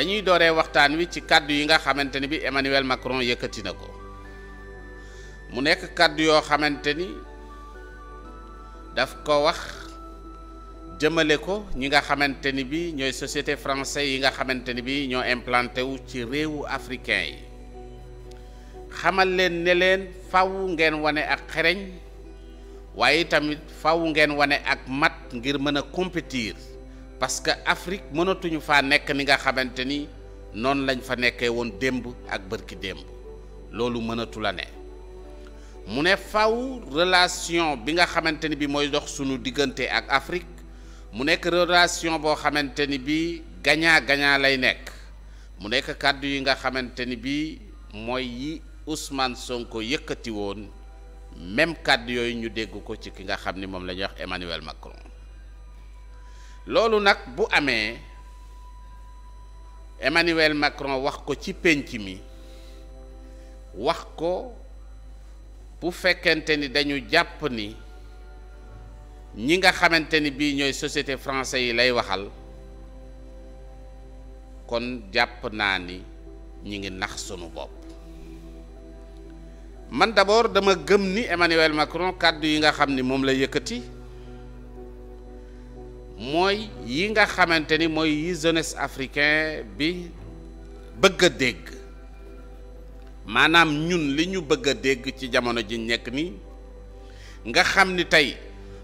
dañuy doore waxtaan wi ci kàddu yi nga xamante ni bi Emmanuel Macron yëkkati na ko mu nekk kàddu yoo xamante ni daf ko wax jëmale ko ñi nga xamante ni bi ñooy société français yi nga xamante ni bi ñoo implanté wu ci réewu africain yi xamal leen ne leen faw ngeen wane ak xereñ waaye tamit faw ngeen wane ak mat ngir mën a compétir parce que Afrique mënatuñu faa nekk ni nga xamante ni noonu lañ fa nekkee woon démb ak bërki démb loolu mënatu la ne mu ne faw relation bi nga xamante ni bi mooy dox sunu diggante ak Afrique mu nekk relation boo xamante ni bi gagnant gagnant lay nekk mu nekk kàddu yi nga xamante ni bi mooy yi Ousmane Sonko yëkkati woon même kàddu yooyu ñu dégg ko ci ki nga xam ni moom la ñuy wax Emmanuel Macron loolu nag bu amee Emmanuel Macron wax ko ci pénc mi wax ko bu fekkente ni dañu jàpp ni ñi nga xamante ni bii ñooy société français yi lay waxal kon jàpp naa ni ñi ngi nax sunu bopp man d'abord dama gëm ni Emmanuel Macron kàddu yi nga xam ni moom la yëkkati mooy yi nga xamante ni mooy yi jeunesse africain bi bëgg a dégg maanaam ñun li ñu bëgg a dégg ci jamono ji nekk ni nga xam ni tey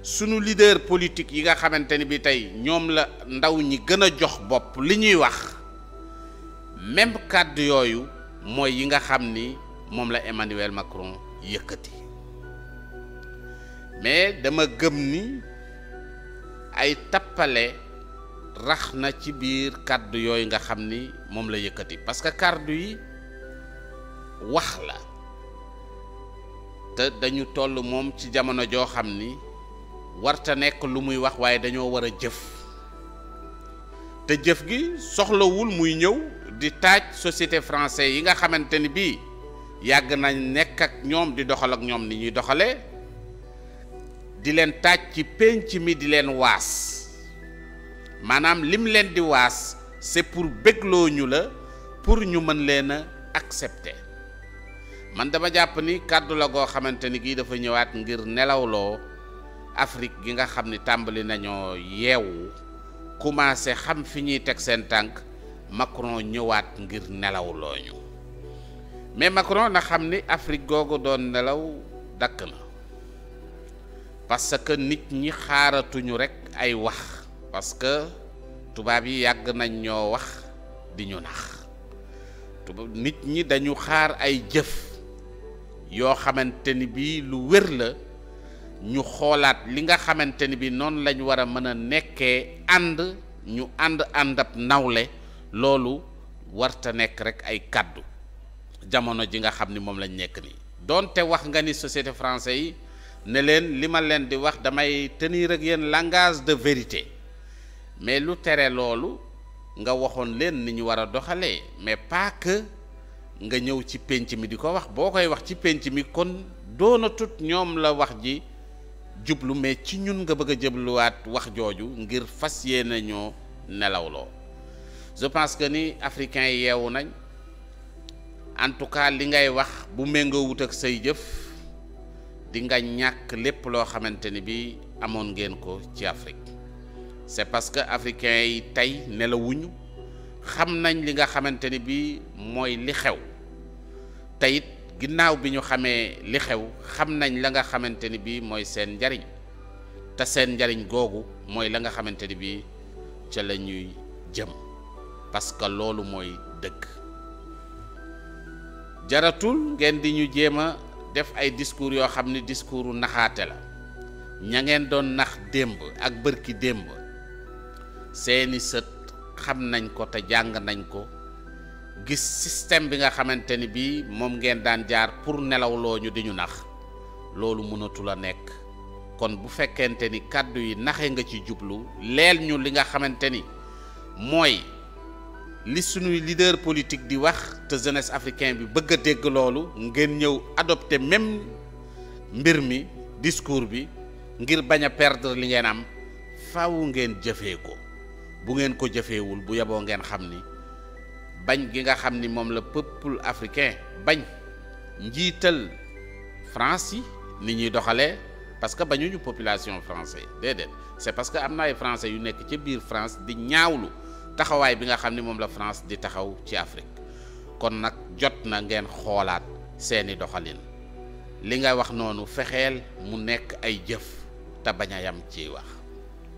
sunu leader politique yi nga xamante ni bi tey ñoom la ndaw ñi gën a jox bopp li ñuy wax même kàddu yooyu mooy yi nga xam ni moom la Emmanuel Macron yëkkati mais dama gëm ni ay tappale rax na ci biir kàddu yooyu nga xam ni moom la yëkkati parce que kàddu yi wax la te dañu toll moom ci jamono joo xam ni warta nekk lu muy wax waaye dañoo war a jëf te jëf gi soxlawul muy ñëw di taaj société français yi nga xamante ni bii yàgg nañ nekk ak ñoom di doxal ak ñoom ni ñuy doxalee di leen taaj ci pénc mi di leen waas maanaam lim leen di waas c'est pour bégloo la pour ñu mën leen a accepter man dama jàpp ni kàddu la goo xamante ni gii dafa ñëwaat ngir nelawloo Afrique gi nga xam ni tàmbali nañoo yeewu commencé xam fi ñuy teg seen tànk Macron ñëwaat ngir nelawloo ñu mais Macron na xam ni Afrique googu doon nelaw dakk na parce que nit ñi xaaratuñu rek ay wax parce que tubaab yi yàgg nañ ñoo wax di ñu nax nit ñi dañu xaar ay jëf yoo xamante ni bii lu wér la ñu xoolaat li nga xamante ni bii noonu lañ war a mën a nekkee ànd ñu ànd ànd ab nawle loolu warta nekk rek ay kàddu jamono ji nga xam ni moom lañ nekk nii donte wax nga ni société français yi. ne leen li ma leen di wax damay tenir ak yéen langage de vérité mais lu tere loolu nga waxoon leen ni ñu war a doxalee mais pas nga ñëw ci pénc mi di ko wax boo koy wax ci pénc mi kon doona tut ñoom la wax ji jublu mais ci ñun nga bëgg a jëbluwaat wax jooju ngir fas yéene ñoo nelawloo je pense que ni africains yi yeewu nañ en tout cas li ngay wax bu méngoo wut ak say jëf di ñàkk lépp loo xamante ni bi amoon ngeen ko ci Afrique c'est parce que africains yi tey nelawuñu xam nañ li nga xamante ni bi mooy li xew teyit ginnaaw bi ñu xamee li xew xam nañ la nga xamante ni bi mooy seen njariñ te seen njariñ googu mooy la nga xamante ni bi ca la ñuy jëm parce que loolu mooy dëkk jaratul ngeen di ñu jéem def ay discours yoo xam ni discoursu naxaate la ña ngeen doon nax démb ak bërki démb seeni sët xam nañ ko te jàng nañ ko gis système bi nga xamante ni bii moom ngeen daan jaar pour nelawloo ñu di ñu nax loolu mënatul a nekk kon bu fekkente ni kàddu yi naxe nga ci jublu leel ñu li nga xamante ni mooy li suñuy leader politique di wax te jeunesse africain bi bëgg a dégg loolu ngeen ñëw adopté même mbir mi discours bi ngir bañ a perdre li ngeen am faw ngeen jëfee ko bu ngeen ko jëfeewul bu yeboo ngeen xam ni bañ gi nga xam ni moom la peuple africain bañ njiital France yi ni ñuy doxalee parce que bañuñu population français déedéet c'est parce que am na ay français yu nekk ca biir France di ñaawlu taxawaay bi nga xam ni moom la France di taxaw ci Afrique kon nag jot na ngeen xoolaat seeni doxalin li nga wax noonu fexeel mu nekk ay jëf te yam ciy wax